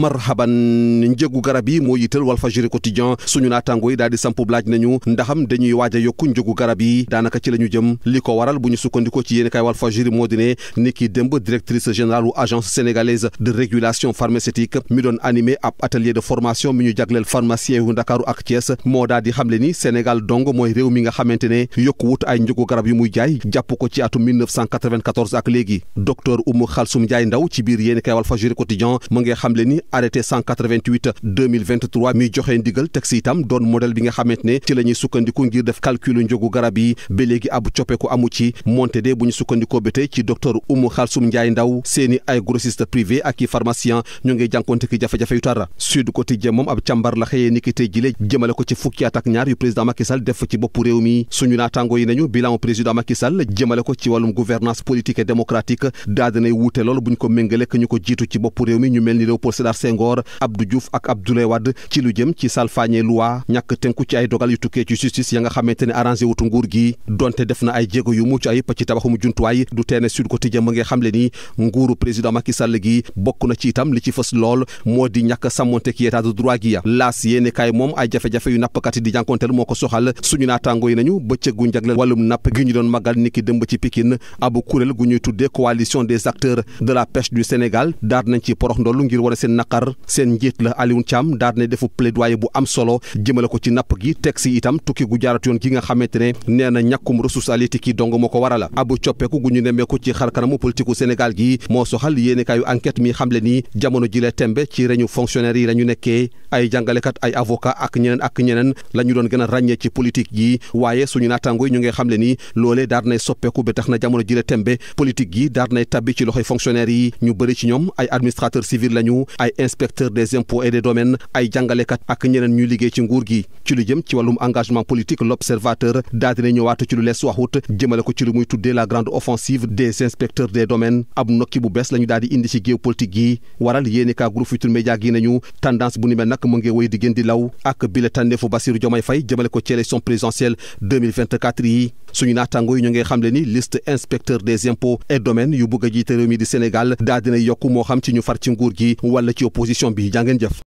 marhaban njëgu garab yi moo yital Walfadjri quotidien suñu naataango yi daal di sampu laaj nañu ndaxam dañuy waaja yokk yokku njëgu garab yi daanaka ci la ñu jëm li ko waral bu ñu sukkandikoo ci yéenekaay Walfadjri moo di ne ni ki démb directrice générale u agence sénégalaise de régulation pharmaceutique mi doon animé ab atelier de formation mi ñu jagleel pharmacien yu ndakaaru ak Thiès moo daal di xamle ni Sénégal dong mooy réew mi nga xamante ne yokk wut ay njëgu garab yu muy jaay jàpp ko ci atum 1994 ak léegi docteur Oumou Khalsoum Ndiaye Ndaw ci biir yéenekaay Walfadjri quotidien mu ngi xamle ni arrêté 188 2023 miy joxe ndigal teg si itam doon modèle bi nga xamante ne ci la sukkandiku ngir def calcul njogu garab yi ba léegi ab coppeeku amu ci monte de bu ñu sukkandikoo ba tey ci docteur Oumou Khalsoum Ndiaye Ndaw seeni ay grossiste privé ak i pharmacien ñu ngi jànkonte ki jafe-jafe yu tara Sud Quotidien moom ab càmbar la xëyee niki tey jile jëmale ko ci fukki at ak ñaar yu président Macky def ci bopp réew mi suñu naataango yi nañu bilan président Macky Léopold Senghor Abdou Diouf ak Abdoulaye Wade ci lu jëm ci salfaañe loi ñàkk tënku ci ay dogal yu tukkee ci justice ya nga xamante ne arrangé wutu nguur gi donte def na ay jéego yu mucc ayib ci tabaxum juntuwaay du teene Sud Quotidien mu ngi xamle ni nguuru président Macky Sall gi bokk na ci itam li ci fës lool moo di ñàkk sàmmonte ki état de droit gi ya laas yéene kaay moom ay jafe-jafe yu nappkat yi di jànkonteel moo ko soxal suñu naataango nañu bëccëgu njagleel naqar seen njiit la Alioune Thiam daal defu plaidoyer bu am solo jëmale ko ci napp gi teg si itam tukki gu jaarat yoon gi nga xamante ne nee ñàkkum ressource halieutique yi dong moo ko waral abu coppeeku gu ñu nemmeeku ci xarkanamu politiku Sénégal gi moo soxal yéenikaayu enquête mi xamle ni jamono jile tembe ci reñu fonctionnaire yi la nekkee ay jàngalekat ay avocat ak ñeneen ak ñeneen la doon gën a ràññee ci politique gi waaye suñu naataango yi ñu ay inspecteur des impôts et des domaines ay jàngalekat ak ñeneen ñuy liggéey ci nguur gi ci lu jëm ci wàllum engagement politique l'observateur daal dina ñëwaat ci lu lees waxut jëmale ko ci lu muy tuddee la grande offensive des inspecteurs des domaines ab nokki bu bees la ñu di indi ci géopolitique gi waral yéeni kaa groupe Futurs Médias gi nañu tendance bu ni mel nag mu ngi wéy di gën di law ak bile tànneefu Bassirou Diomaye Faye jëmale ko ci élection présidentielle yi suñu naataango yi ñu xam xamle ni liste inspecteur des impôts et domaines yu bëgg a jiite réew mi di Sénégal daa dina yokk moo xam ci ñu far ci nguur gi wala ci opposition bi jàngeen jëf